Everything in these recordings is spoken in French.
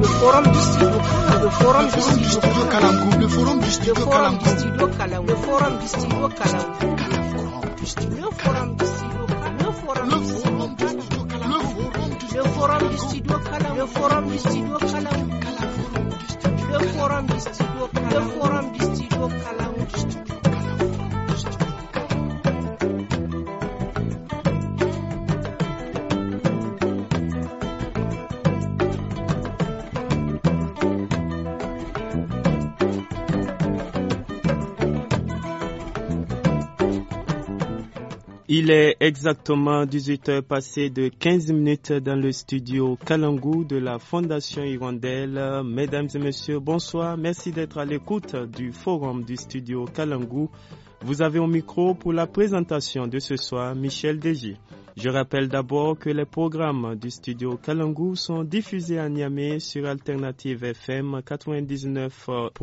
le forum du studio Kalangu, le forum du studio Kalangu, le forum du studio Kalangu, le forum du studio Kalangu, le forum du studio Kalangu, le forum du studio Kalangu, le forum du studio Kalangu, le forum du studio Kalangu, le forum du studio Kalangu, le forum du studio Kalangu, le forum du studio Kalangu, le forum du studio Kalangu, Il est exactement 18 heures passées de 15 minutes dans le studio Kalangu de la Fondation Hirondelle. Mesdames et messieurs, bonsoir. Merci d'être à l'écoute du forum du studio Kalangu. Vous avez au micro pour la présentation de ce soir Michel Dji. Je rappelle d'abord que les programmes du studio Kalangu sont diffusés à Niamey sur Alternative FM 99.4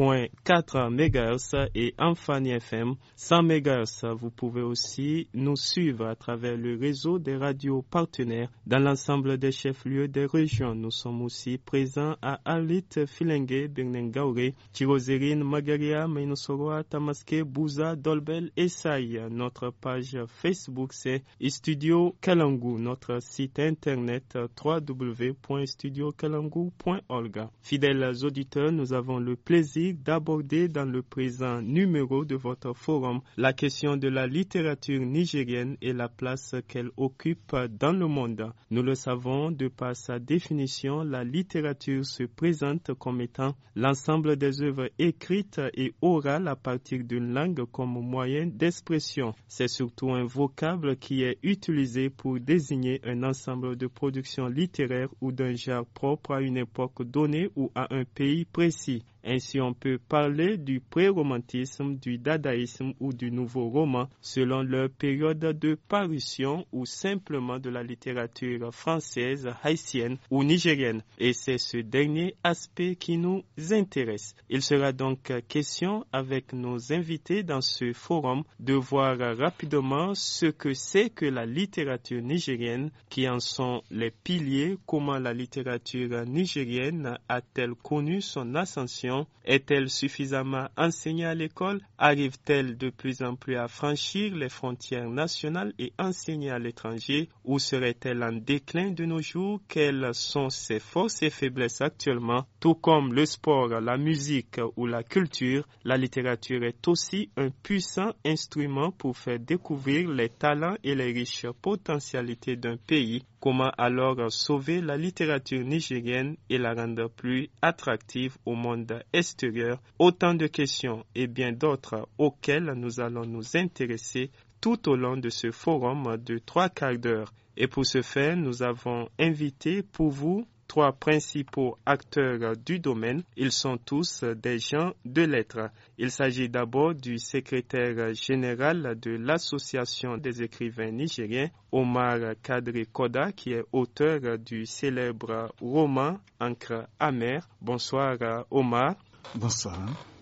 MHz et Amphani FM 100 MHz. Vous pouvez aussi nous suivre à travers le réseau des radios partenaires dans l'ensemble des chefs-lieux des régions. Nous sommes aussi présents à Alit, Filengue, Birnengaure, Chirozérine, Magaria, Mainosoroa, Tamaske, Bouza, Dolbel et Saï. Notre page Facebook, c'est Studio Kalangu, notre site internet euh, www.studiokalangu.org. Fidèles auditeurs, nous avons le plaisir d'aborder dans le présent numéro de votre forum la question de la littérature nigérienne et la place qu'elle occupe dans le monde. Nous le savons, de par sa définition, la littérature se présente comme étant l'ensemble des œuvres écrites et orales à partir d'une langue comme moyen d'expression. C'est surtout un vocable qui est utilisé pour désigner un ensemble de productions littéraires ou d'un genre propre à une époque donnée ou à un pays précis. Ainsi, on peut parler du pré-romantisme, du dadaïsme ou du nouveau roman selon leur période de parution ou simplement de la littérature française, haïtienne ou nigérienne. Et c'est ce dernier aspect qui nous intéresse. Il sera donc question avec nos invités dans ce forum de voir rapidement ce que c'est que la littérature nigérienne, qui en sont les piliers, comment la littérature nigérienne a-t-elle connu son ascension est-elle suffisamment enseignée à l'école Arrive-t-elle de plus en plus à franchir les frontières nationales et enseigner à l'étranger Ou serait-elle en déclin de nos jours Quelles sont ses forces et faiblesses actuellement Tout comme le sport, la musique ou la culture, la littérature est aussi un puissant instrument pour faire découvrir les talents et les riches potentialités d'un pays Comment alors sauver la littérature nigérienne et la rendre plus attractive au monde extérieur Autant de questions et bien d'autres auxquelles nous allons nous intéresser tout au long de ce forum de trois quarts d'heure. Et pour ce faire, nous avons invité pour vous trois principaux acteurs du domaine. Ils sont tous des gens de lettres. Il s'agit d'abord du secrétaire général de l'Association des écrivains nigériens, Omar Kadri Koda, qui est auteur du célèbre roman Ancre amère. Bonsoir Omar. Bonsoir.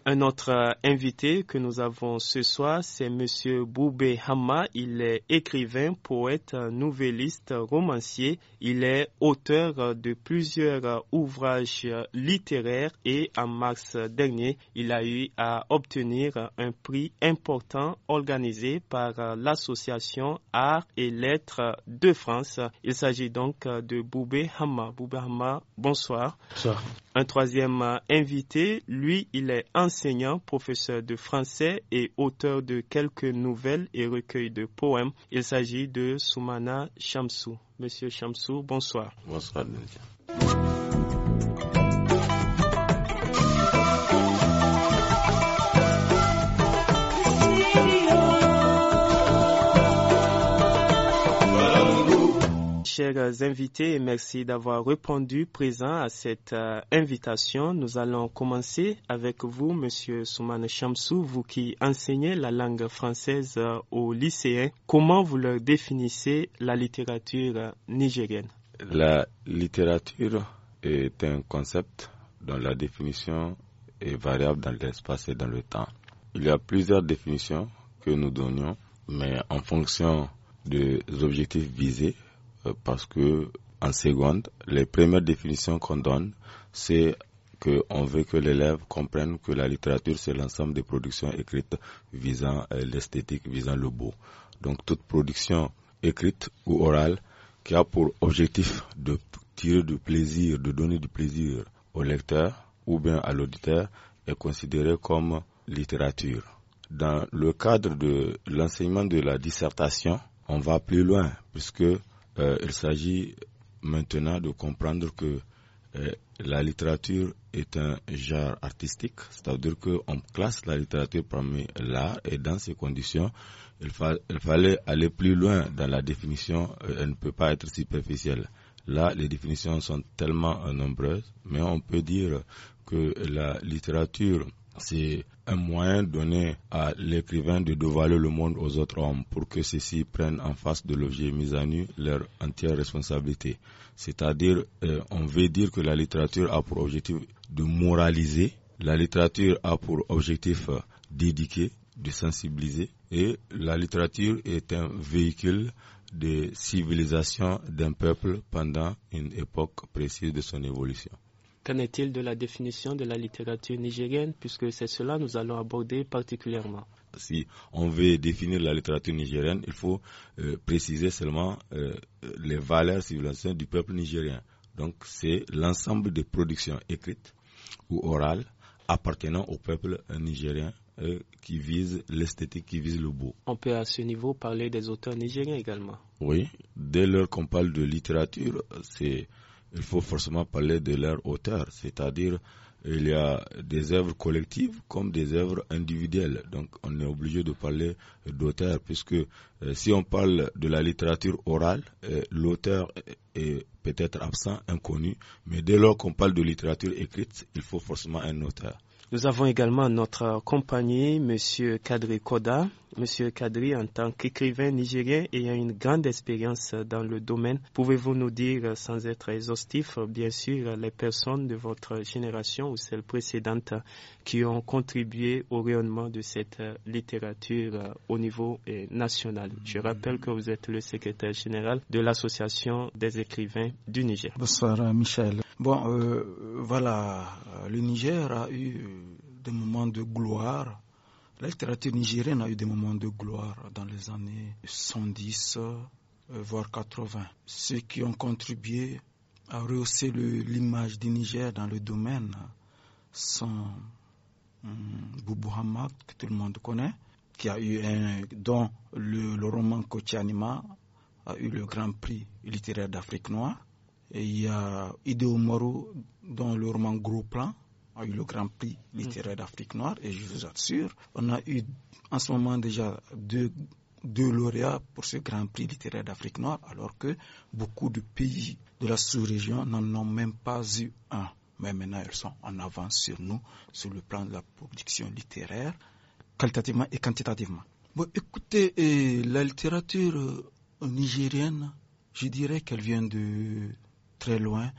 Un autre euh, invité que nous avons ce soir, c'est M. Boubé Hama. Il est écrivain, poète, euh, nouvelliste, romancier. Il est auteur euh, de plusieurs ouvrages littéraires et en mars dernier, il a eu à obtenir un prix important organisé par l'association Arts et Lettres de France. Il s'agit donc de Boubé Hama. Boubé Hama, bonsoir. Bonsoir. Un troisième invité, lui, il est ancien enseignant, professeur de français et auteur de quelques nouvelles et recueils de poèmes. Il s'agit de Soumana Chamsou. Monsieur Chamsou, bonsoir. Bonsoir, chers invités, et merci d'avoir répondu présent à cette euh, invitation. Nous allons commencer avec vous, Monsieur Soumane Chamsou, vous qui enseignez la langue française euh, aux lycéens. Hein. Comment vous leur définissez la littérature euh, nigérienne La littérature est un concept dont la définition est variable dans l'espace et dans le temps. Il y a plusieurs définitions que nous donnions, mais en fonction des objectifs visés, euh, parce que en seconde, les premières définitions qu'on donne, c'est qu'on veut que l'élève comprenne que la littérature, c'est l'ensemble des productions écrites visant euh, l'esthétique, visant le beau. Donc toute production écrite ou orale qui a pour objectif de tirer du plaisir, de donner du plaisir au lecteur ou bien à l'auditeur est considérée comme littérature. Dans le cadre de l'enseignement de la dissertation, on va plus loin puisque euh, il s'agit maintenant de comprendre que euh, la littérature est un genre artistique, c'est-à-dire qu'on classe la littérature parmi l'art et dans ces conditions, il, fallait aller plus loin dans la définition, euh, elle ne peut pas être superficielle. Là, les définitions sont tellement nombreuses, mais on peut dire que la littérature, c'est un moyen donné à l'écrivain de dévoiler le monde aux autres hommes pour que ceux-ci prennent en face de l'objet mis à nu leur entière responsabilité. C'est-à-dire, euh, on veut dire que la littérature a pour objectif de moraliser, la littérature a pour objectif euh, d'éduquer, de sensibiliser, et la littérature est un véhicule de civilisation d'un peuple pendant une époque précise de son évolution. Qu'en est-il de la définition de la littérature nigérienne, puisque c'est cela que nous allons aborder particulièrement Si on veut définir la littérature nigérienne, il faut euh, préciser seulement euh, les valeurs civilisées du peuple nigérien. Donc c'est l'ensemble des productions écrites ou orales appartenant au peuple nigérien euh, qui vise l'esthétique, qui vise le beau. On peut à ce niveau parler des auteurs nigériens également. Oui, dès lors qu'on parle de littérature, c'est il faut forcément parler de leur auteur, c'est-à-dire il y a des œuvres collectives comme des œuvres individuelles. Donc on est obligé de parler d'auteur, puisque euh, si on parle de la littérature orale, euh, l'auteur est peut-être absent, inconnu, mais dès lors qu'on parle de littérature écrite, il faut forcément un auteur. Nous avons également notre compagnie, M. Kadri Koda. M. Kadri, en tant qu'écrivain nigérien ayant une grande expérience dans le domaine, pouvez-vous nous dire, sans être exhaustif, bien sûr, les personnes de votre génération ou celles précédentes qui ont contribué au rayonnement de cette littérature au niveau euh, national Je rappelle que vous êtes le secrétaire général de l'Association des écrivains du Niger. Bonsoir, euh, Michel. Bon, euh, voilà, le Niger a eu des moments de gloire. La littérature nigérienne a eu des moments de gloire dans les années 110, euh, voire 80. Ceux qui ont contribué à rehausser l'image du Niger dans le domaine sont hum, Boubou Hamad, que tout le monde connaît, qui a eu un, dont le, roman roman Anima a eu le grand prix littéraire d'Afrique noire. Et il y a Ideo Moro, dont le roman Gros Plan a eu le Grand Prix littéraire mm. d'Afrique noire et je vous assure, on a eu en ce moment déjà deux, deux lauréats pour ce Grand Prix littéraire d'Afrique noire alors que beaucoup de pays de la sous-région n'en ont même pas eu un. Mais maintenant, elles sont en avance sur nous sur le plan de la production littéraire, qualitativement et quantitativement. Bon, écoutez, la littérature euh, nigérienne, je dirais qu'elle vient de très loin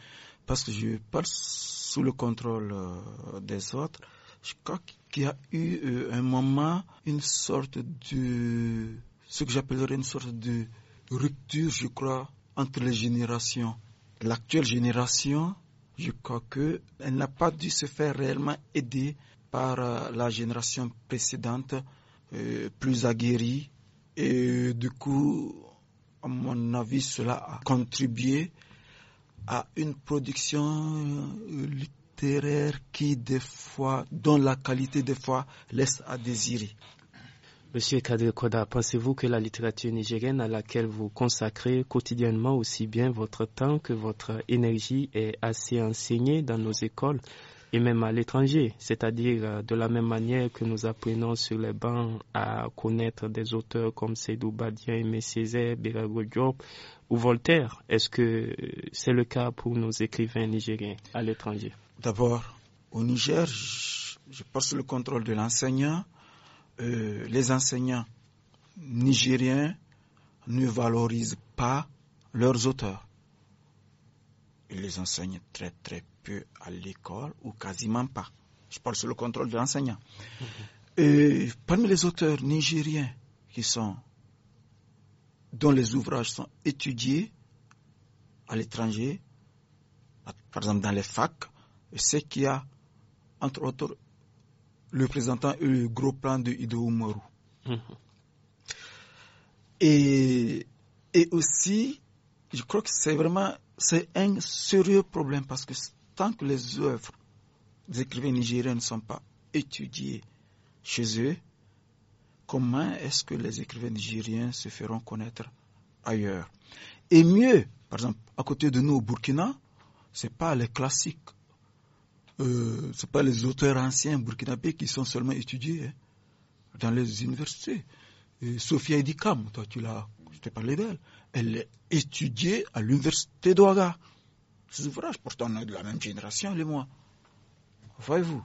parce que je parle sous le contrôle euh, des autres, je crois qu'il y a eu euh, un moment, une sorte de, ce que j'appellerais une sorte de rupture, je crois, entre les générations. L'actuelle génération, je crois qu'elle n'a pas dû se faire réellement aider par euh, la génération précédente, plus aguerrie. Et du coup, à mon avis, cela a contribué à une production euh, littéraire qui, des fois, dont la qualité, des fois, laisse à désirer. Monsieur Kadri pensez-vous que la littérature nigérienne à laquelle vous consacrez quotidiennement aussi bien votre temps que votre énergie est assez enseignée dans nos écoles et même à l'étranger, c'est-à-dire euh, de la même manière que nous apprenons sur les bancs à connaître des auteurs comme Seydou Badien, Aimé Césaire, Diop, ou Voltaire. Est-ce que c'est le cas pour nos écrivains nigériens à l'étranger D'abord, au Niger, je passe le contrôle de l'enseignant. Euh, les enseignants nigériens ne valorisent pas leurs auteurs. Ils les enseignent très très peu à l'école ou quasiment pas. Je parle sur le contrôle de l'enseignant. Mhm. parmi les auteurs nigériens qui sont dont les ouvrages sont étudiés à l'étranger, par exemple dans les facs, c'est qu'il y a, entre autres, le présentant et le gros plan de Ido mhm. Et, aussi, je crois que c'est vraiment c'est un sérieux problème parce que tant que les œuvres des écrivains nigériens ne sont pas étudiées chez eux, comment est-ce que les écrivains nigériens se feront connaître ailleurs. Et mieux, par exemple, à côté de nous au Burkina, ce n'est pas les classiques, euh, ce n'est pas les auteurs anciens burkinabés qui sont seulement étudiés hein, dans les universités. Sophia Edikam, toi tu l'as, je t'ai parlé d'elle, elle est étudiée à l'université d'Ouaga. Ces ouvrages, pourtant on est de la même génération, les mois. Voyez-vous.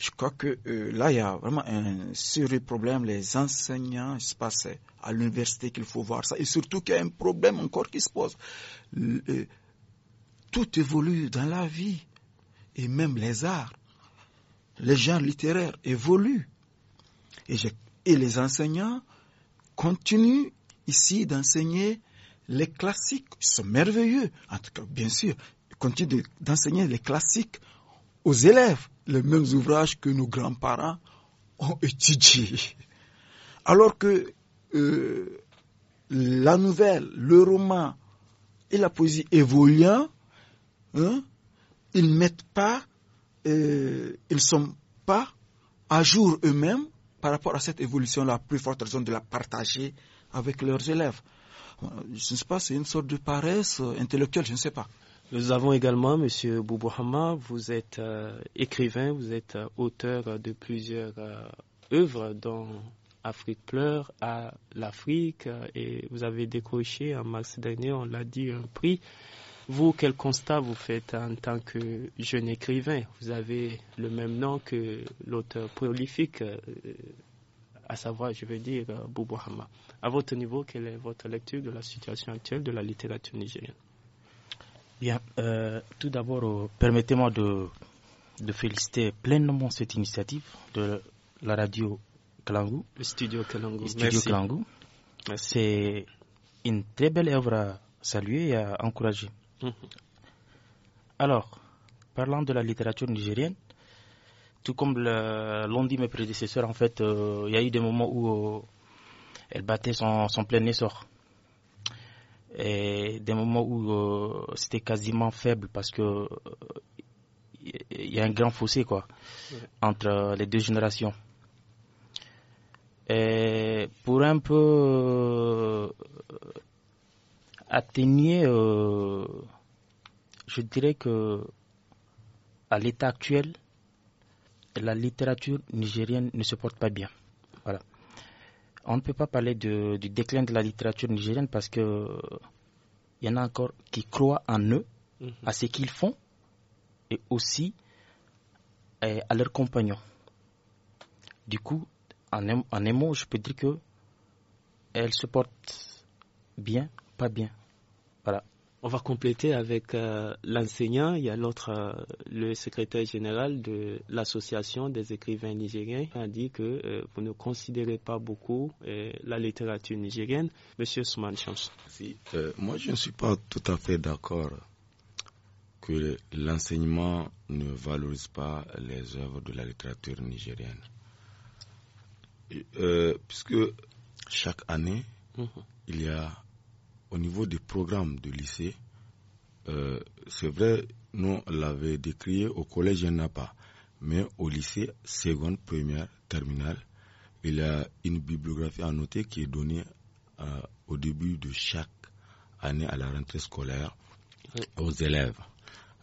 Je crois que euh, là, il y a vraiment un sérieux problème. Les enseignants, je sais à l'université qu'il faut voir ça. Et surtout qu'il y a un problème encore qui se pose. Euh, tout évolue dans la vie, et même les arts. Les genres littéraires évoluent. Et, et les enseignants continuent ici d'enseigner les classiques. Ils sont merveilleux. En tout cas, bien sûr, ils continuent d'enseigner les classiques aux élèves les mêmes ouvrages que nos grands-parents ont étudiés. Alors que euh, la nouvelle, le roman et la poésie évoluant, hein, ils mettent pas, euh, ils sont pas à jour eux-mêmes par rapport à cette évolution-là, plus forte raison de la partager avec leurs élèves. Euh, je ne sais pas, c'est une sorte de paresse intellectuelle, je ne sais pas. Nous avons également Monsieur Boubouhama, vous êtes euh, écrivain, vous êtes euh, auteur de plusieurs euh, œuvres dont Afrique pleure à l'Afrique et vous avez décroché en mars dernier, on l'a dit, un prix. Vous, quel constat vous faites en tant que jeune écrivain Vous avez le même nom que l'auteur prolifique, à savoir, je veux dire, Boubou Hama. À votre niveau, quelle est votre lecture de la situation actuelle de la littérature nigérienne Bien, euh, tout d'abord, euh, permettez-moi de, féliciter pleinement cette initiative de la radio Kalangou. Le studio Kalangu. Le studio C'est une très belle œuvre à saluer et à encourager. Hum. Alors, parlant de la littérature nigérienne, tout comme l'ont dit mes prédécesseurs, en fait, euh, il y a eu des moments où elle battait son plein essor et des moments où euh, c'était quasiment faible parce que il euh, y a un grand fossé quoi entre euh, les deux générations. Et pour un peu atténuer, je dirais que à l'état actuel, la littérature nigérienne ne se porte pas bien. Voilà on ne peut pas parler du déclin de la littérature nigérienne parce que il euh, y en a encore qui croient en eux, mhm. à ce qu'ils font et aussi euh, à leurs compagnons. Du coup, en un, mot, je peux dire que elles se portent bien, pas bien. Voilà. On va compléter avec euh, l'enseignant. Il y a l'autre, euh, le secrétaire général de l'association des écrivains nigériens qui a dit que euh, vous ne considérez pas beaucoup la littérature nigérienne. Monsieur Souman Chams. moi, je ne suis pas tout à fait d'accord que l'enseignement ne valorise pas les œuvres de la littérature nigérienne. puisque chaque année, mhm. il y a au niveau des programmes de lycée, euh, c'est vrai, nous l'avons décrié au collège, il n'y en a pas. Mais au lycée, seconde, première, terminale, il y a une bibliographie à noter qui est donnée euh, au début de chaque année à la rentrée scolaire aux élèves.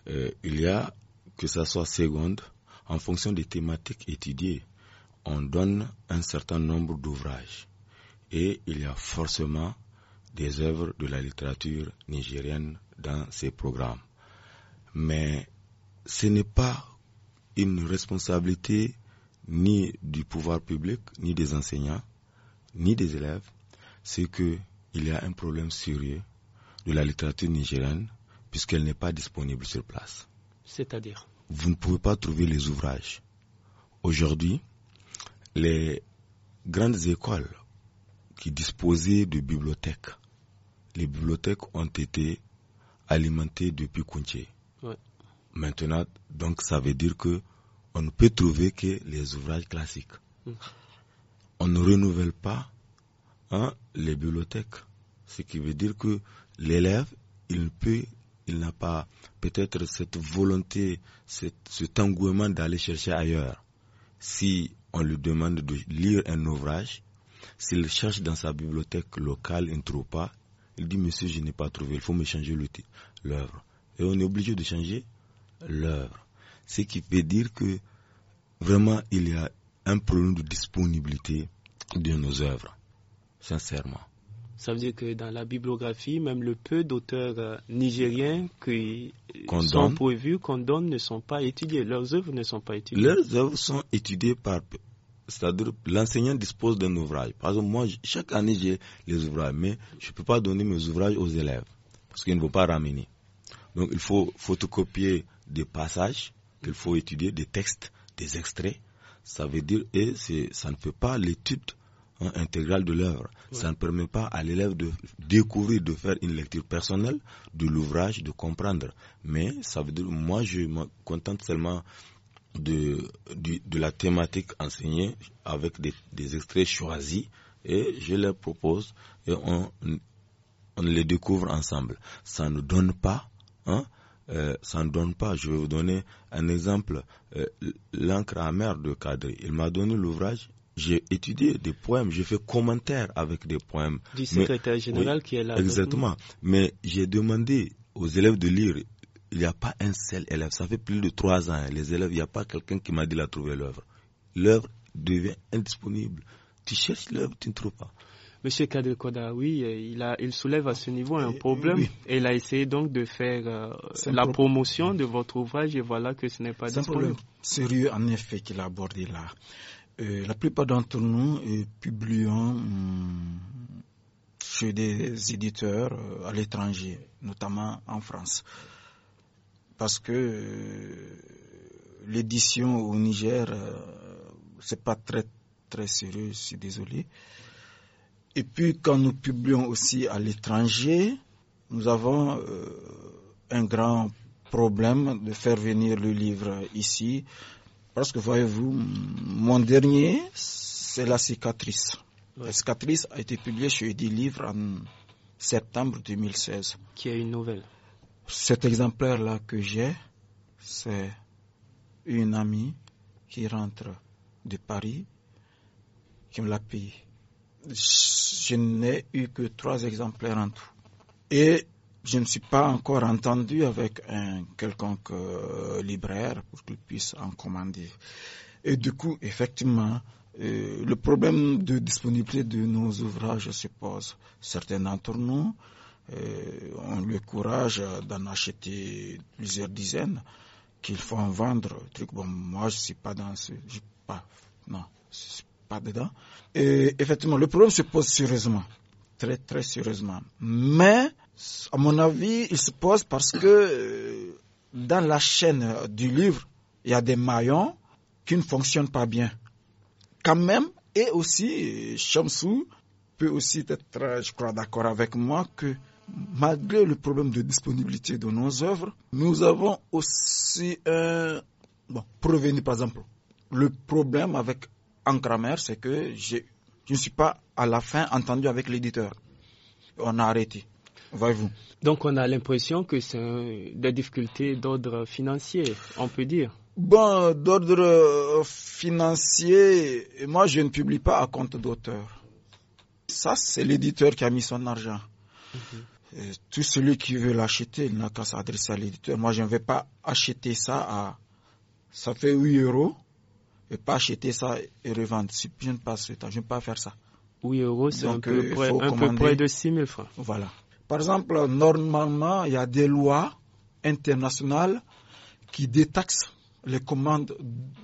Euh, il y a, que ce soit seconde, en fonction des thématiques étudiées, on donne un certain nombre d'ouvrages. Et il y a forcément des œuvres de la littérature nigérienne dans ces programmes. Mais ce n'est pas une responsabilité ni du pouvoir public, ni des enseignants, ni des élèves. C'est qu'il y a un problème sérieux de la littérature nigérienne puisqu'elle n'est pas disponible sur place. C'est-à-dire Vous ne pouvez pas trouver les ouvrages. Aujourd'hui, les grandes écoles qui disposaient de bibliothèques les bibliothèques ont été alimentées depuis Kunche. Maintenant, donc ça veut dire que on ne peut trouver que les ouvrages classiques. Mm. On ne renouvelle pas hein, les bibliothèques, ce qui veut dire que l'élève, il peut, il n'a pas peut-être cette volonté, cet engouement d'aller chercher ailleurs. Si on lui demande de lire un ouvrage, s'il cherche dans sa bibliothèque locale, il ne trouve pas, il dit, monsieur, je n'ai pas trouvé, il faut me changer l'œuvre. Et on est obligé de changer l'œuvre. Ce qui peut dire que vraiment, il y a un problème de disponibilité de nos œuvres, sincèrement. Ça veut dire que dans la bibliographie, même le peu d'auteurs euh, nigériens qui sont prévus, qu'on donne, ne sont pas étudiés. Leurs œuvres ne sont pas étudiées. Leurs œuvres sont étudiées par c'est-à-dire l'enseignant dispose d'un ouvrage. Par exemple, moi, chaque année, j'ai les ouvrages, mais je ne peux pas donner mes ouvrages aux élèves parce qu'ils ne vont pas ramener. Donc, il faut photocopier des passages qu'il faut étudier, des textes, des extraits. Ça veut dire, et ça ne fait pas l'étude hein, intégrale de l'œuvre. Ça ne permet pas à l'élève de découvrir, de faire une lecture personnelle de l'ouvrage, de comprendre. Mais ça veut dire, moi, je me contente seulement de, la thématique enseignée avec des, extraits choisis et je les propose et on, on les découvre ensemble. Ça ne donne pas, hein, euh, ça ne donne pas. Je vais vous donner un exemple. Euh, l'encre amère de Cadre, il m'a donné l'ouvrage. J'ai étudié des poèmes, j'ai fait commentaire avec des poèmes. Du secrétaire général qui est là. Exactement. Mais j'ai demandé aux élèves de lire il n'y a pas un seul élève. Ça fait plus de trois ans. Hein, les élèves, il n'y a pas quelqu'un qui m'a dit la trouver l'œuvre. L'œuvre devient indisponible. Tu cherches l'œuvre, tu ne trouves pas. Monsieur Kadekoda, oui, euh, il, a, il soulève à ce niveau un eh, problème. Et il a essayé donc de faire euh, la promotion de votre ouvrage et voilà que ce n'est pas C'est un problème sérieux en effet qu'il a abordé là. Euh, la plupart d'entre nous publions hum, chez des éditeurs à l'étranger, notamment en France parce que euh, l'édition au Niger, euh, c'est pas très très sérieux, je suis désolé. Et puis quand nous publions aussi à l'étranger, nous avons euh, un grand problème de faire venir le livre ici, parce que voyez-vous, mon dernier, c'est la cicatrice. La cicatrice a été publiée chez Livre en septembre 2016. Qui est une nouvelle cet exemplaire-là que j'ai, c'est une amie qui rentre de Paris, qui me l'a payé. Je n'ai eu que trois exemplaires en tout. Et je ne suis pas encore entendu avec un quelconque euh, libraire pour qu'il puisse en commander. Et du coup, effectivement, euh, le problème de disponibilité de nos ouvrages se pose. Certains d'entre nous euh, on lui courage d'en acheter plusieurs dizaines, qu'il faut en vendre. Truc, bon, moi, je suis pas dans ce. Je, pas, non, suis pas dedans. Et effectivement, le problème se pose sérieusement. Très, très sérieusement. Mais, à mon avis, il se pose parce que euh, dans la chaîne du livre, il y a des maillons qui ne fonctionnent pas bien. Quand même, et aussi, Shamsou euh, peut aussi être, je crois, d'accord avec moi que malgré le problème de disponibilité de nos œuvres, nous avons aussi un. Bon, par exemple, le problème avec Ancramer, c'est que je ne suis pas à la fin entendu avec l'éditeur. On a arrêté. vous Donc on a l'impression que c'est des difficultés d'ordre financier, on peut dire. Bon, d'ordre euh, financier, moi je ne publie pas à compte d'auteur. Ça, c'est l'éditeur qui a mis son argent. Mhm. Euh, tout celui qui veut l'acheter il n'a qu'à s'adresser à l'éditeur. Moi, je ne vais pas acheter ça à. Ça fait 8 euros. Je ne vais pas acheter ça et revendre. je ne passe pas, je ne vais pas faire ça. 8 euros, c'est un, peu euh, près, un peu près de 6 000 francs. Voilà. Par exemple, normalement, il y a des lois internationales qui détaxent les commandes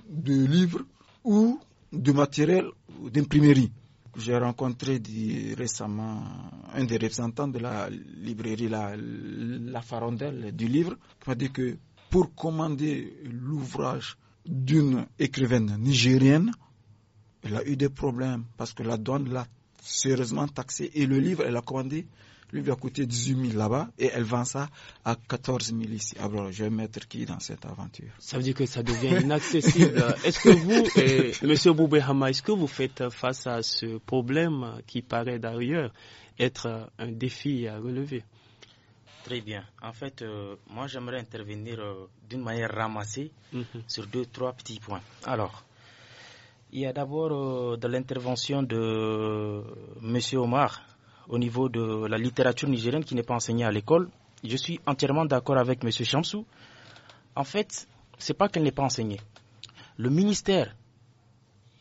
de livres ou de matériel d'imprimerie j'ai rencontré récemment un des représentants de la librairie La, la du livre qui m'a dit que pour commander l'ouvrage d'une écrivaine nigérienne, elle a eu des problèmes parce que la douane l'a sérieusement taxé et le livre, elle a commandé lui va coûter 18 000 là-bas et elle vend ça à 14 000 ici. Alors, ah, je vais mettre qui dans cette aventure Ça veut dire que ça devient inaccessible. est-ce que vous, M. Monsieur est-ce que vous faites face à ce problème qui paraît d'ailleurs être un défi à relever Très bien. En fait, euh, moi, j'aimerais intervenir euh, d'une manière ramassée mhm. sur deux, trois petits points. Alors, il y a d'abord euh, de l'intervention de M. Omar au niveau de la littérature nigérienne qui n'est pas enseignée à l'école, je suis entièrement d'accord avec M. Chamsou. En fait, ce n'est pas qu'elle n'est pas enseignée. Le ministère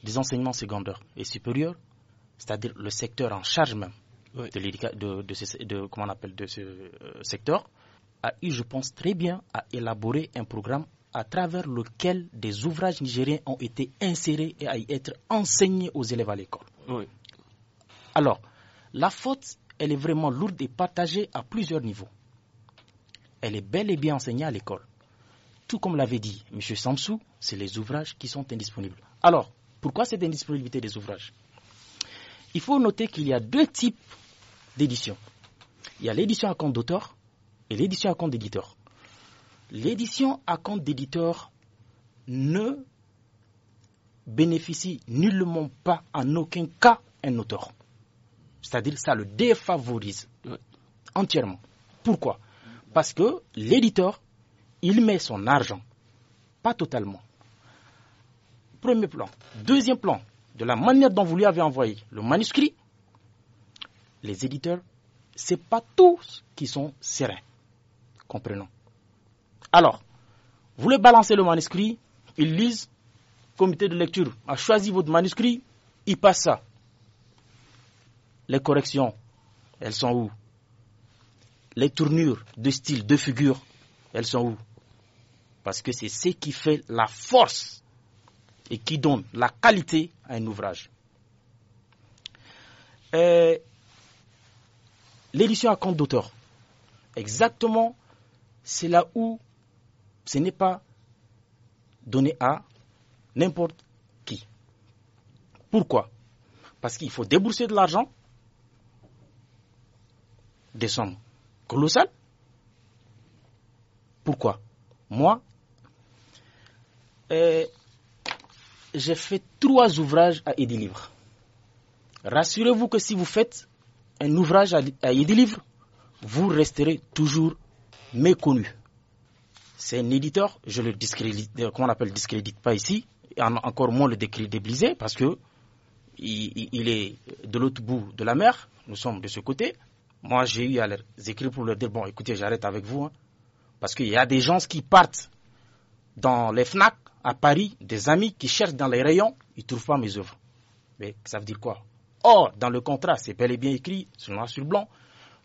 des enseignements secondaires et supérieurs, c'est-à-dire le secteur en charge même de, ce, comment on appelle, de ce euh, secteur, a eu, je pense, très bien à élaborer un programme à travers lequel des ouvrages nigériens ont été insérés et à y être enseignés aux élèves à l'école. Alors, la faute, elle est vraiment lourde et partagée à plusieurs niveaux. Elle est bel et bien enseignée à l'école. Tout comme l'avait dit M. Samsou, c'est les ouvrages qui sont indisponibles. Alors, pourquoi cette indisponibilité des ouvrages Il faut noter qu'il y a deux types d'édition. Il y a l'édition à compte d'auteur et l'édition à compte d'éditeur. L'édition à compte d'éditeur ne bénéficie nullement pas en aucun cas un auteur. C'est-à-dire ça le défavorise euh, entièrement. Pourquoi Parce que l'éditeur, il met son argent, pas totalement. Premier plan. Deuxième plan, de la manière dont vous lui avez envoyé le manuscrit, les éditeurs, ce n'est pas tous qui sont sereins. Comprenons. Alors, vous voulez balancez le manuscrit, ils lisent, comité de lecture a choisi votre manuscrit, il passe ça les corrections, elles sont où Les tournures de style, de figure, elles sont où Parce que c'est ce qui fait la force et qui donne la qualité à un ouvrage. Euh, l'édition à compte d'auteur, exactement, c'est là où ce n'est pas donné à n'importe qui. Pourquoi Parce qu'il faut débourser de l'argent des sommes colossales. Pourquoi Moi, euh, j'ai fait trois ouvrages à Edilivre. Rassurez-vous que si vous faites un ouvrage à, Edilivre, vous resterez toujours méconnu. C'est un éditeur, je le discrédite, euh, on appelle discrédite pas ici, encore moins le décrédibiliser parce que il est de l'autre bout de la mer, nous sommes de ce côté, moi, j'ai eu à les écrire pour leur dire bon, écoutez, j'arrête avec vous. Hein. parce qu'il y a des gens qui partent dans les FNAC à Paris, des amis qui cherchent dans les rayons, ils ne trouvent pas mes œuvres. Mais ça veut dire quoi Or, dans le contrat, c'est bel et bien écrit, sur noir sur blanc.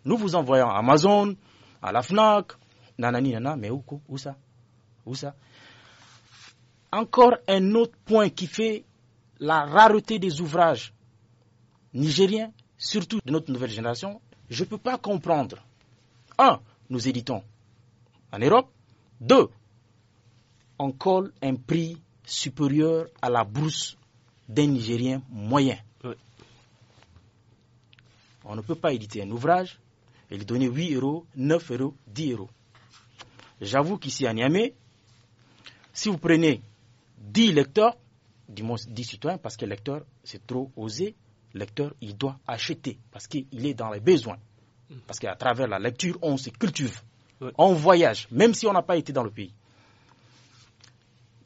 Nous vous envoyons à Amazon, à la FNAC, nanani, nanana, mais où ça Où ça Encore un autre point qui fait la rareté des ouvrages nigériens, surtout de notre nouvelle génération, je ne peux pas comprendre. Un, nous éditons en Europe. Deux, on colle un prix supérieur à la brousse d'un Nigérien moyen. On ne peut pas éditer un ouvrage et lui donner 8 euros, 9 euros, 10 euros. J'avoue qu'ici à Niamey, si vous prenez 10 lecteurs, du moins 10 citoyens, parce que lecteur, c'est trop osé, lecteur, il doit acheter parce qu'il est dans les besoins. Parce qu'à travers la lecture, on se cultive, on voyage, même si on n'a pas été dans le pays.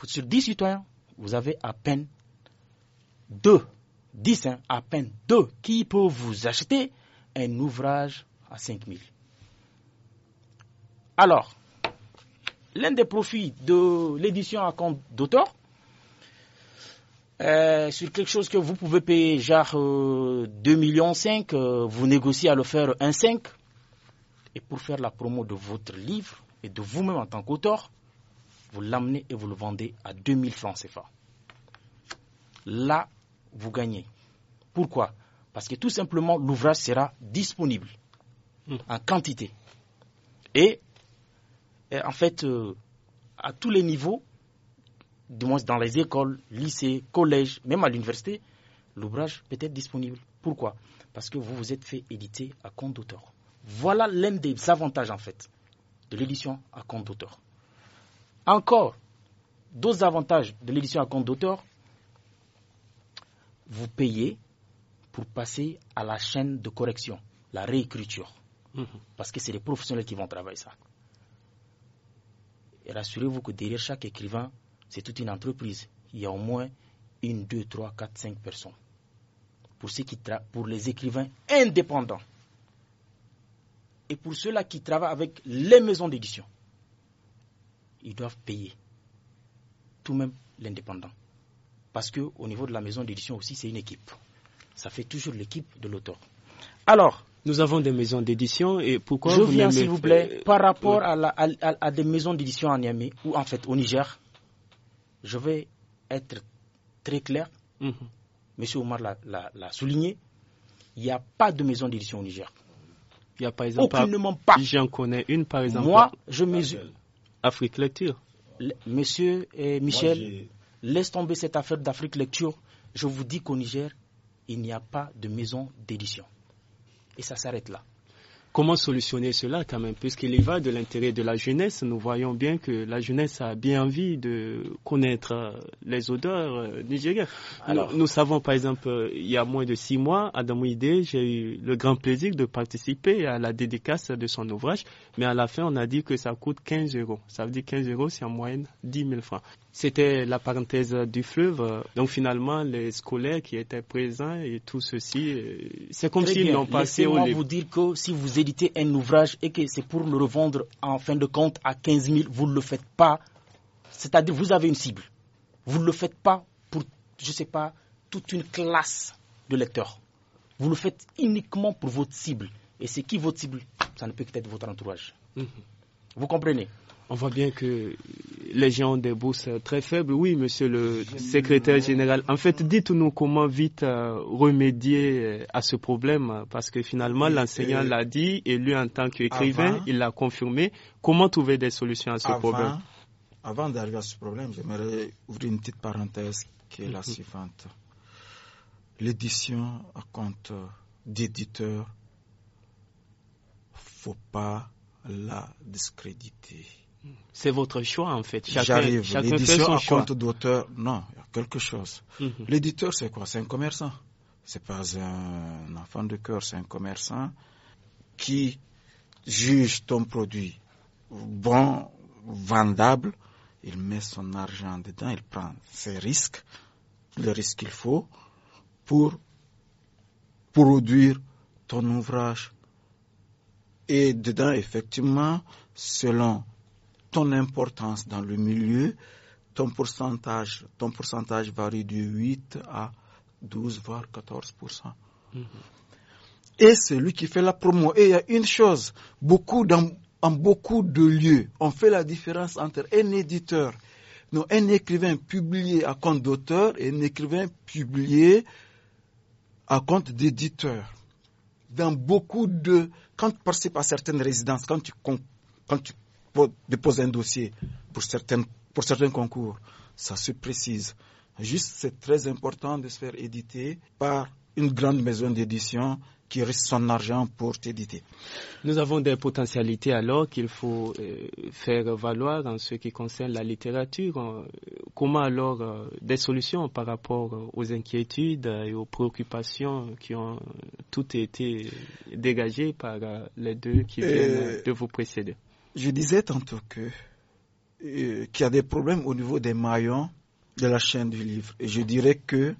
Sur 10 citoyens, vous avez à peine 2, 10, hein, à peine 2 qui peuvent vous acheter un ouvrage à 5 000. Alors, l'un des profits de l'édition à compte d'auteur, euh, sur quelque chose que vous pouvez payer genre 2 euh, 2,5 millions, 5 euh, vous négociez à le faire 1,5 et pour faire la promo de votre livre et de vous-même en tant qu'auteur, vous l'amenez et vous le vendez à 2000 francs CFA. Là, vous gagnez. Pourquoi Parce que tout simplement, l'ouvrage sera disponible hmm. en quantité. et en fait, à tous les niveaux, du moins dans les écoles, lycées, collèges, même à l'université, l'ouvrage peut être disponible. Pourquoi Parce que vous vous êtes fait éditer à compte d'auteur. Voilà l'un des avantages en fait de l'édition à compte d'auteur. Encore, d'autres avantages de l'édition à compte d'auteur, vous payez pour passer à la chaîne de correction, la réécriture. Mmh. Parce que c'est les professionnels qui vont travailler ça. Et rassurez-vous que derrière chaque écrivain, c'est toute une entreprise. Il y a au moins une, deux, trois, quatre, cinq personnes. Pour, ceux qui pour les écrivains indépendants et pour ceux-là qui travaillent avec les maisons d'édition, ils doivent payer tout même l'indépendant. Parce qu'au niveau de la maison d'édition aussi, c'est une équipe. Ça fait toujours l'équipe de l'auteur. Alors, nous avons des maisons d'édition et pourquoi Je viens, s'il vous plaît, euh, par rapport à, des maisons d'édition en Niamey ou en fait au Niger, je vais être très clair, mhm. Monsieur Omar l'a souligné, il n'y a pas de maison d'édition au Niger. Il n'y a par exemple pas. J'en connais une par exemple. Moi, je mesure. Afrique Lecture. monsieur Michel, laisse tomber cette affaire d'Afrique Lecture. Je vous dis qu'au Niger, il n'y a pas de maison d'édition. Et ça s'arrête là. Comment solutionner cela quand même Puisqu'il y va de l'intérêt de la jeunesse, nous voyons bien que la jeunesse a bien envie de connaître euh, les odeurs euh, nigériennes. Alors, nous, savons par exemple, euh, il y a moins de six mois, Adam Idé, j'ai eu le grand plaisir de participer à la dédicace de son ouvrage, mais à la fin, on a dit que ça coûte 15 euros. Ça veut dire 15 euros, c'est en moyenne 10 000 francs. C'était la parenthèse du fleuve. Donc finalement, les scolaires qui étaient présents et tout ceci, euh, c'est comme s'ils l'ont passé au livre. vous dire que si vous éditez un ouvrage et que c'est pour le revendre en fin de compte à 15 000, vous ne le faites pas. C'est-à-dire, vous avez une cible. Vous ne le faites pas pour, je ne sais pas, toute une classe de lecteurs. Vous le faites uniquement pour votre cible. Et c'est qui votre cible Ça ne peut être votre entourage. Mhm. Vous comprenez on voit bien que les gens ont des bourses très faibles. Oui, monsieur le secrétaire général. En fait, dites-nous comment vite euh, remédier euh, à ce problème, parce que finalement, l'enseignant euh, l'a dit, et lui, en tant qu'écrivain, il l'a confirmé. Comment trouver des solutions à ce problème Avant d'arriver à ce problème, j'aimerais ouvrir une petite parenthèse qui est la mhm. suivante. L'édition à compte d'éditeur, faut pas la discréditer c'est votre choix en fait. J'arrive. L'édition à compte d'auteur, non, il y a quelque chose. Mhm. L'éditeur, c'est quoi C'est un commerçant. C'est pas un enfant de cœur, c'est un commerçant qui juge ton produit bon, vendable. Il met son argent dedans, il prend ses risques, le risque qu'il faut pour produire ton ouvrage. Et dedans, effectivement, selon ton importance dans le milieu, ton pourcentage, ton pourcentage varie de 8 à 12, voire 14 mm-hmm. Et c'est lui qui fait la promo. Et il y a une chose, beaucoup en beaucoup de lieux, on fait la différence entre un éditeur, non, un écrivain publié à compte d'auteur et un écrivain publié à compte d'éditeur. Dans beaucoup de... Quand tu participes à certaines résidences, quand tu, quand tu dépose un dossier pour certains, pour certains concours. Ça se précise. Juste, c'est très important de se faire éditer par une grande maison d'édition qui reste son argent pour t'éditer. Nous avons des potentialités alors qu'il faut euh, faire valoir en ce qui concerne la littérature. Euh, comment alors euh, des solutions par rapport aux inquiétudes et aux préoccupations qui ont toutes été dégagées par les deux qui viennent de vous précéder je disais tantôt que euh, qu'il y a des problèmes au niveau des maillons de la chaîne du livre. Et je dirais que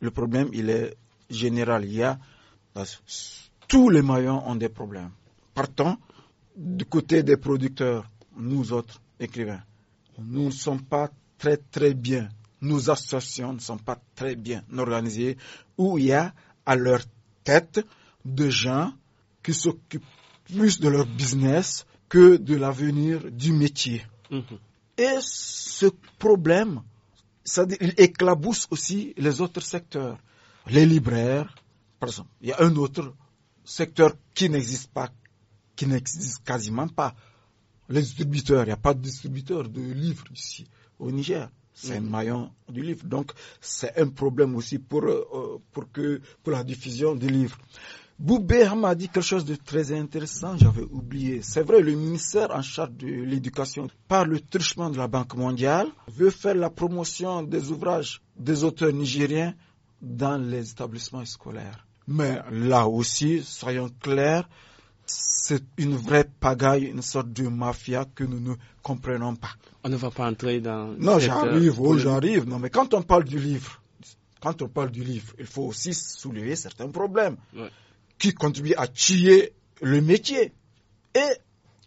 le problème, il est général. Il y a euh, tous les maillons ont des problèmes. Partons du côté des producteurs, nous autres écrivains, nous ne sommes pas très très bien. Nos associations ne sont pas très bien organisées, où il y a à leur tête des gens qui s'occupent plus de leur business que de l'avenir du métier. Mhm. Et ce problème, ça, il éclabousse aussi les autres secteurs. Les libraires, par exemple. Il y a un autre secteur qui n'existe pas, qui n'existe quasiment pas. Les distributeurs, il n'y a pas de distributeur de livres ici au Niger. C'est un mhm. maillon du livre. Donc, c'est un problème aussi pour, euh, pour, que, pour la diffusion des livres. Boubé m'a dit quelque chose de très intéressant, j'avais oublié. C'est vrai, le ministère en charge de l'éducation, par le truchement de la Banque mondiale, veut faire la promotion des ouvrages des auteurs nigériens dans les établissements scolaires. Mais là aussi, soyons clairs, c'est une vraie pagaille, une sorte de mafia que nous ne comprenons pas. On ne va pas entrer dans... Non, j'arrive, oh, euh, j'arrive. Non, mais quand on parle du livre, quand on parle du livre, il faut aussi soulever certains problèmes qui contribue à tuer le métier. Et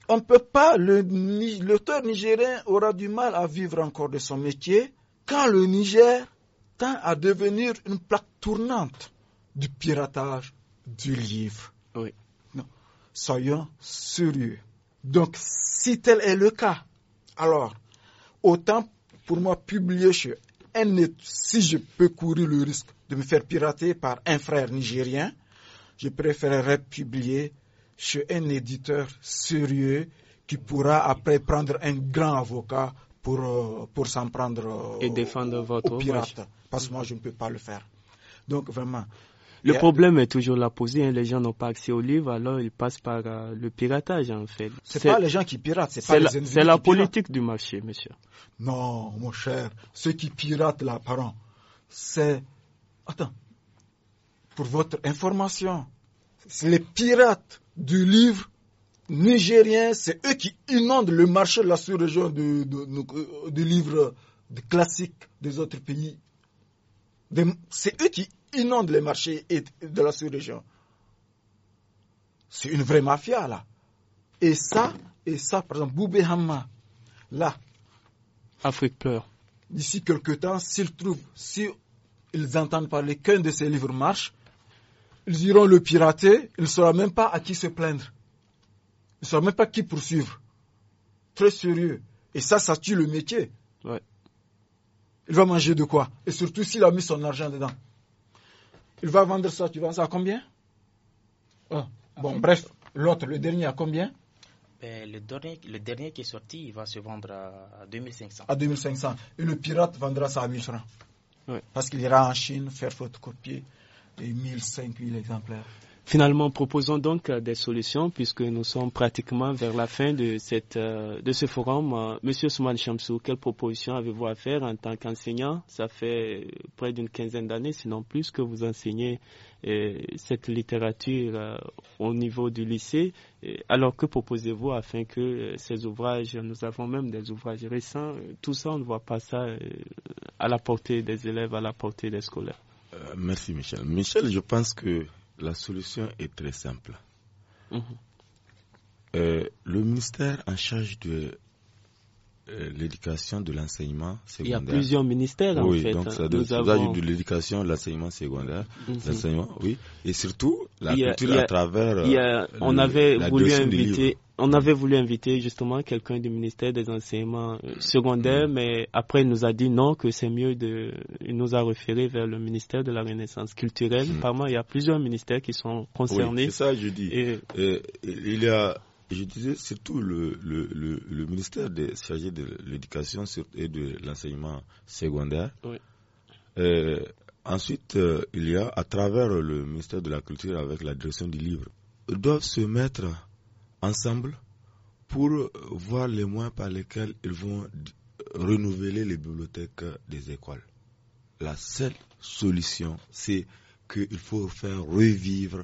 on ne peut pas, l'auteur nigérien aura du mal à vivre encore de son métier quand le Niger tend à devenir une plaque tournante du piratage du livre. Oui. Non. Soyons sérieux. Donc, si tel est le cas, alors, autant pour moi publier chez un, si je peux courir le risque de me faire pirater par un frère nigérien, je préférerais publier chez un éditeur sérieux qui pourra après prendre un grand avocat pour, euh, pour s'en prendre euh, et défendre votre aux Parce que moi, je ne peux pas le faire. Donc, vraiment. Le problème est toujours la posée. Hein. les gens n'ont pas accès aux livres, alors ils passent par euh, le piratage, en fait. C'est pas les gens qui piratent, c'est la, politique du marché, monsieur. Non, mon cher. Ceux qui piratent là, pardon, c'est... Attends, pour votre information, c'est les pirates du livre nigérien, c'est eux qui inondent le marché de la sous-région euh, du, livre de classique des autres pays. C'est eux qui inondent les marchés de la sous-région. C'est une vraie mafia, là. Et ça, et ça, par exemple, Boubé Hamma, là. Afrique pleure. D'ici quelques temps, s'ils trouvent, s'ils entendent parler qu'un de ces livres marche, ils iront le pirater, il ne saura même pas à qui se plaindre. Il ne saura même pas qui poursuivre. Très sérieux. Et ça, ça tue le métier. Il va manger de quoi Et surtout s'il a mis son argent dedans. Il va vendre ça, tu vends ça à combien Bon, bref, l'autre, le dernier à combien ben, le, dernier, qui est sorti, il va se vendre à 2500. À 2500. Et le pirate vendra ça à 1000 francs. Parce qu'il ira en Chine faire photocopier et exemplaires. Finalement, proposons donc euh, des solutions puisque nous sommes pratiquement vers la fin de, cette, euh, de ce forum. Euh, Monsieur Souman Chamsou, quelles propositions avez-vous à faire en tant qu'enseignant Ça fait près d'une quinzaine d'années, sinon plus, que vous enseignez cette littérature au niveau du lycée. Alors que proposez-vous afin que ces ouvrages, nous avons même des ouvrages récents, tout ça, on ne voit pas ça à la portée des élèves, à la portée des scolaires euh, merci Michel. Michel, je pense que la solution est très simple. Mhm. Euh, le ministère en charge de euh, hein. l'éducation de l'enseignement secondaire. Il y a plusieurs ministères en fait. Oui, donc ça, nous avons... de l'éducation, l'enseignement secondaire, l'enseignement, oui, et surtout la culture à travers. on avait voulu inviter. On avait voulu inviter justement quelqu'un du ministère des enseignements euh, secondaires, mhm. mais après il nous a dit non, que c'est mieux de. Il nous a référé vers le ministère de la Renaissance culturelle. Mhm. Apparemment, il y a plusieurs ministères qui sont concernés. Oui, c'est ça, je dis. Euh, il y a je disais surtout le, le, ministère des, chargé de l'éducation et de l'enseignement secondaire. Euh, ensuite, euh, il y a à travers le ministère de la Culture avec la direction du livre, doivent se mettre ensemble pour voir les moyens par lesquels ils vont renouveler les bibliothèques des écoles. La seule solution, c'est qu'il faut faire revivre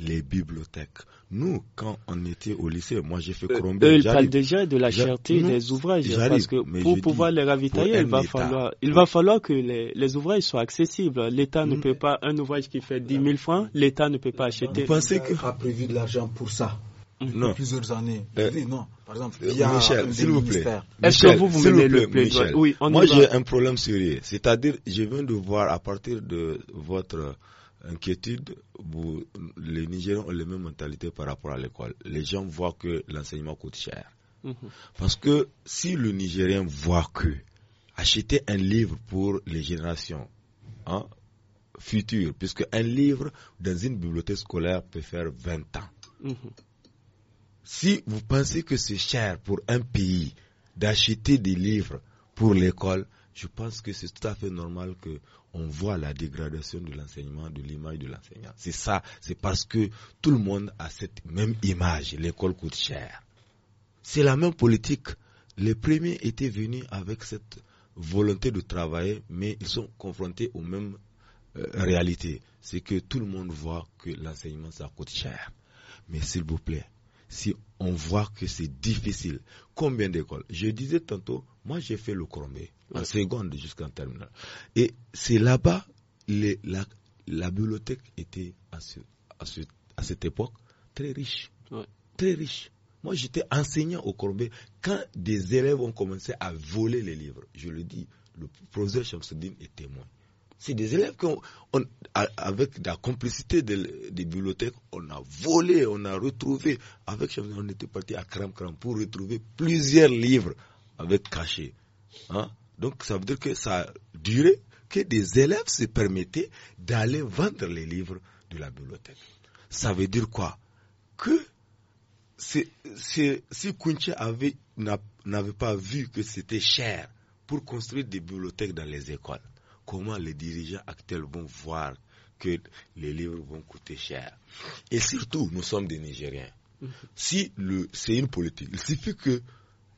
les bibliothèques. Nous, quand on était au lycée, moi j'ai fait Crombé. Euh, eux, ils parlent déjà de la cherté des ouvrages. Parce que pour pouvoir les ravitailler, il va, falloir, il va falloir que les, les ouvrages soient accessibles. L'État ne mm. peut pas, un ouvrage qui fait 10 000 francs, l'État ne peut pas acheter. Vous pensez qu'il a prévu de l'argent pour ça mm. non. plusieurs années. Euh, non. Par exemple, euh, il y a Michel, s'il vous plaît. Est-ce que vous, vous le Michel. Oui, Moi, j'ai un problème sérieux. C'est-à-dire, je viens de voir à partir de votre inquiétude, les Nigériens ont les mêmes mentalités par rapport à l'école. Les gens voient que l'enseignement coûte cher. Mhm. Parce que si le Nigérien voit que acheter un livre pour les générations hein, futures, puisque un livre dans une bibliothèque scolaire peut faire 20 ans. Mhm. Si vous pensez que c'est cher pour un pays d'acheter des livres pour l'école, je pense que c'est tout à fait normal que on voit la dégradation de l'enseignement, de l'image de l'enseignant. C'est ça, c'est parce que tout le monde a cette même image. L'école coûte cher. C'est la même politique. Les premiers étaient venus avec cette volonté de travailler, mais ils sont confrontés aux mêmes euh, réalités. C'est que tout le monde voit que l'enseignement, ça coûte cher. Mais s'il vous plaît, si on voit que c'est difficile. Combien d'écoles Je disais tantôt, moi j'ai fait le Coromé, en seconde jusqu'en terminale. Et c'est là-bas, la, bibliothèque était à, cette époque très riche. Très riche. Moi, j'étais enseignant au Coromé. Quand des élèves ont commencé à voler les livres, je le dis, le professeur Chamsoudine est témoin. C'est des élèves qui avec la complicité des, bibliothèques, on a volé, on a retrouvé. Avec on était parti à Cram Cram pour retrouver plusieurs livres avec cachés. Hein. Donc ça veut dire que ça a duré que des élèves se permettaient d'aller vendre les livres de la bibliothèque. Ça veut dire quoi Que si, si, n'avait pas vu que c'était cher pour construire des bibliothèques dans les écoles, comment les dirigeants actuels vont voir que les livres vont coûter cher. Et surtout, nous sommes des Nigériens. Si c'est une politique, il suffit que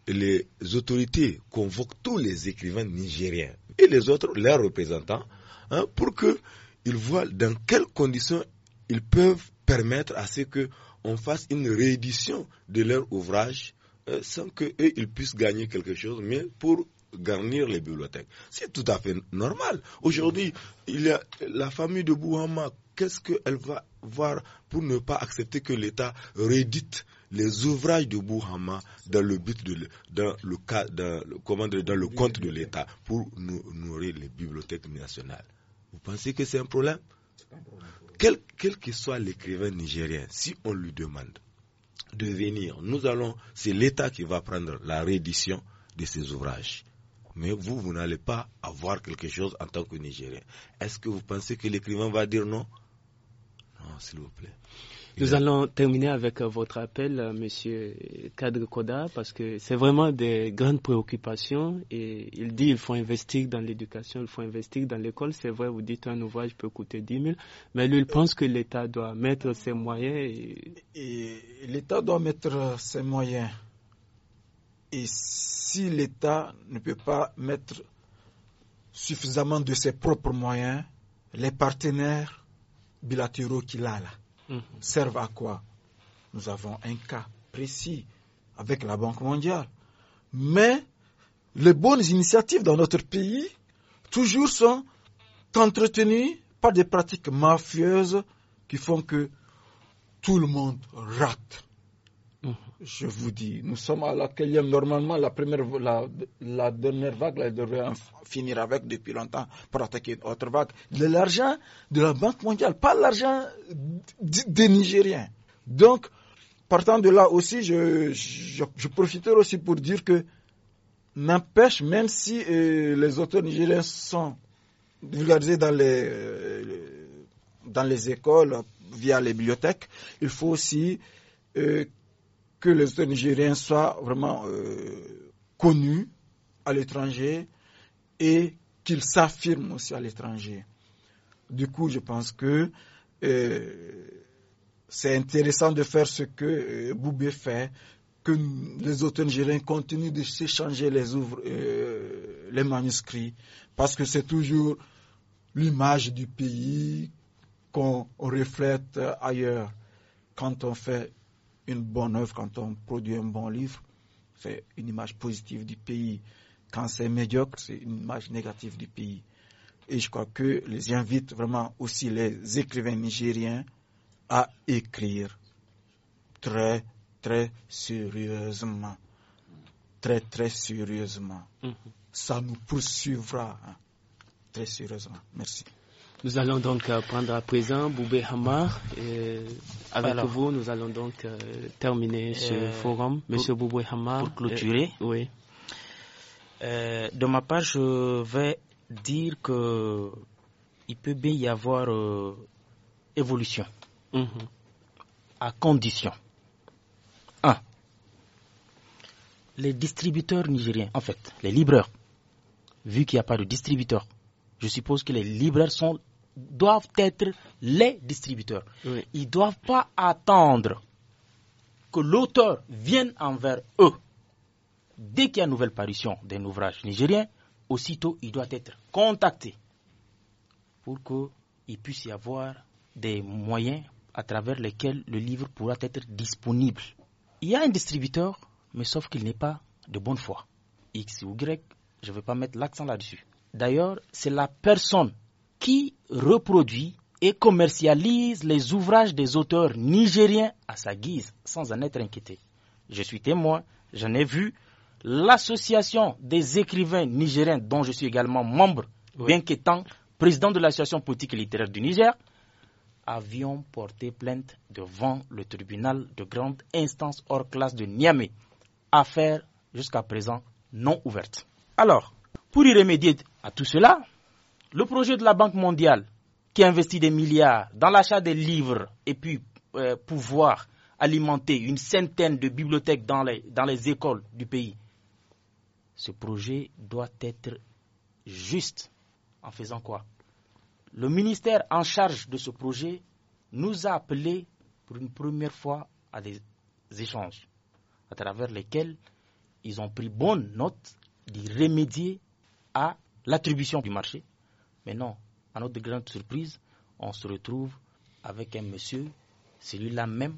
les autorités convoquent tous les écrivains nigériens et les autres, leurs représentants, hein, pour qu'ils voient dans quelles conditions ils peuvent permettre à ce qu'on fasse une réédition de leur ouvrage euh, sans qu'ils ils puissent gagner quelque chose, mais pour garnir les bibliothèques. C'est tout à fait normal. Aujourd'hui, il y a la famille de Bouhama, qu'est-ce qu'elle va voir pour ne pas accepter que l'État rédite les ouvrages de Bouhama dans le but de dans le cas dans le compte de l'État pour nourrir les bibliothèques nationales. Vous pensez que c'est un problème quel, quel que soit l'écrivain nigérien, si on lui demande de venir, nous allons, c'est l'État qui va prendre la réédition de ses ouvrages. Mais vous, vous n'allez pas avoir quelque chose en tant que Nigérien. Est-ce que vous pensez que l'écrivain va dire non Non, s'il vous plaît. Nous allons terminer avec euh, votre appel, euh, Monsieur Kadri Koda, parce que c'est vraiment des grandes préoccupations. Et il dit il faut investir dans l'éducation, il faut investir dans l'école. C'est vrai, vous dites un ouvrage peut coûter 10 000, mais lui, il pense que l'État doit mettre ses moyens. Et L'État doit mettre euh, ses moyens. Et si l'État ne peut pas mettre suffisamment de ses propres moyens, les partenaires bilatéraux qu'il a là mhm. servent à quoi Nous avons un cas précis avec la Banque mondiale. Mais les bonnes initiatives dans notre pays, toujours sont entretenues par des pratiques mafieuses qui font que tout le monde rate je vous dis, nous sommes à la quatrième. Normalement, la, première, la, dernière vague, elle devrait finir avec depuis longtemps pour attaquer une autre vague. De l'argent de la Banque mondiale, pas l'argent des Nigériens. Donc, partant de là aussi, je, profite profiterai aussi pour dire que n'empêche, même si euh, les auteurs nigériens sont vulgarisés dans les, euh, dans les écoles via les bibliothèques, il faut aussi euh, que les Nigériens soient vraiment euh, connus à l'étranger et qu'ils s'affirment aussi à l'étranger. Du coup, je pense que euh, c'est intéressant de faire ce que euh, Boubé fait, que les auteurs nigériens continuent de s'échanger les les manuscrits, parce que c'est toujours l'image du pays qu'on reflète ailleurs quand on fait une bonne œuvre, quand on produit un bon livre, c'est une image positive du pays. Quand c'est médiocre, c'est une image négative du pays. Et je crois que les invite vraiment aussi les écrivains nigériens à écrire très, très sérieusement. Très, très sérieusement. Mm-hmm. Ça nous poursuivra. Hein. Très sérieusement. Merci. Nous allons donc euh, prendre à présent Boubé Hamar. avec vous, nous allons donc euh, terminer ce euh, forum. Monsieur Boubé Hamar. Pour clôturer. oui. de ma part, je vais dire que il peut bien y avoir évolution. Mhm. À condition. Un. Les distributeurs nigériens, en fait, les libraires, vu qu'il n'y a pas de distributeurs, je suppose que les libraires sont doivent être les distributeurs. Ils ne doivent pas attendre que l'auteur vienne envers eux. Dès qu'il y a une nouvelle parution d'un ouvrage nigérien, aussitôt il doit être contacté pour qu'il puisse y avoir des moyens à travers lesquels le livre pourra être disponible. Il y a un distributeur, mais sauf qu'il n'est pas de bonne foi. X ou Y, je ne vais pas mettre l'accent là-dessus. D'ailleurs, c'est la personne qui reproduit et commercialise les ouvrages des auteurs nigériens à sa guise, sans en être inquiété. Je suis témoin, j'en ai vu. L'association des écrivains nigériens, dont je suis également membre, bien qu'étant président de l'association politique et littéraire du Niger, avions porté plainte devant le tribunal de grande instance hors classe de Niamey, affaire jusqu'à présent non ouverte. Alors, pour y remédier à tout cela, le projet de la Banque mondiale, qui investit des milliards dans l'achat des livres et puis euh, pouvoir alimenter une centaine de bibliothèques dans les, dans les écoles du pays, ce projet doit être juste. En faisant quoi Le ministère en charge de ce projet nous a appelés pour une première fois à des échanges à travers lesquels ils ont pris bonne note d'y remédier à l'attribution du marché, mais non, à notre grande surprise, on se retrouve avec un monsieur, celui-là même,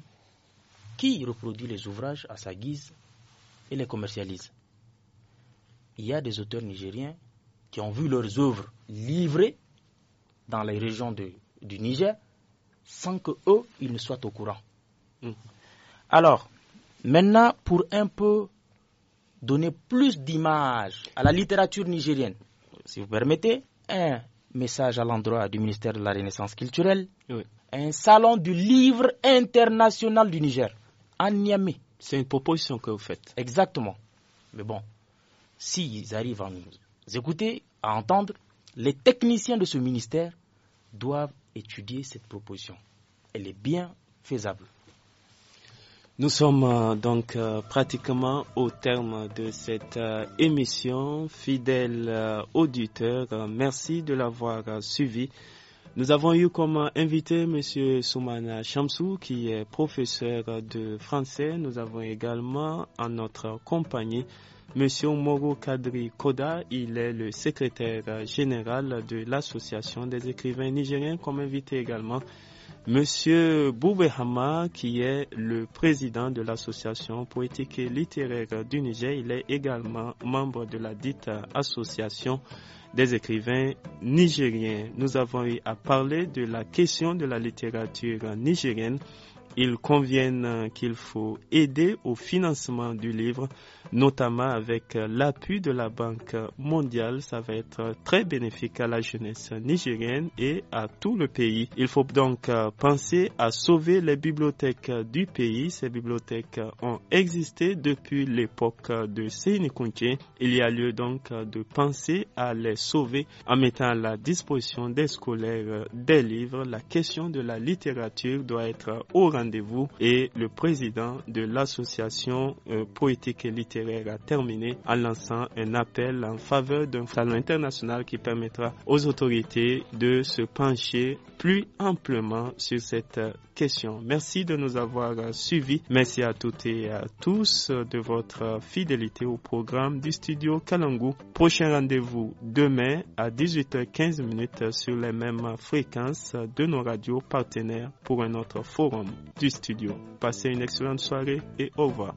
qui reproduit les ouvrages à sa guise et les commercialise. Il y a des auteurs nigériens qui ont vu leurs œuvres livrées dans les régions du Niger sans que eux, ils ne soient au courant. Mmh. Alors, maintenant, pour un peu donner plus d'image à la littérature nigérienne, si vous permettez, un message à l'endroit du ministère de la Renaissance culturelle, un salon du livre international du Niger, à Niamey. C'est une proposition que vous faites. Exactement. Mais bon, s'ils arrivent à nous écouter, à entendre, les techniciens de ce ministère doivent étudier cette proposition. Elle est bien faisable. Nous sommes euh, donc euh, pratiquement au terme de cette euh, émission. fidèle auditeur. merci de l'avoir suivi. Nous avons eu comme invité M. Soumana Chamsou, qui est professeur de français. Nous avons également en notre compagnie M. Moro Kadri Koda. Il est le secrétaire général de l'Association des écrivains nigériens, comme invité également. Monsieur Boubehama, qui est le président de l'association poétique et littéraire du Niger, il est également membre de la dite association des écrivains nigériens. Nous avons eu à parler de la question de la littérature nigérienne. Il convient qu'il faut aider au financement du livre notamment avec euh, l'appui de la Banque mondiale. Ça va être euh, très bénéfique à la jeunesse nigérienne et à tout le pays. Il faut donc euh, penser à sauver les bibliothèques du pays. Ces bibliothèques ont existé depuis l'époque de Seine Kunche. Il y a lieu donc de penser à les sauver en mettant à la disposition des scolaires des livres. La question de la littérature doit être au rendez-vous et le président de l'association poétique et littéraire a terminé en lançant un appel en faveur d'un salon international qui permettra aux autorités de se pencher plus amplement sur cette question. Merci de nous avoir suivis. Merci à toutes et à tous de votre fidélité au programme du studio Kalangu. Prochain rendez-vous demain à 18h15 sur les mêmes fréquences de nos radios partenaires pour un autre forum du studio. Passez une excellente soirée et au revoir.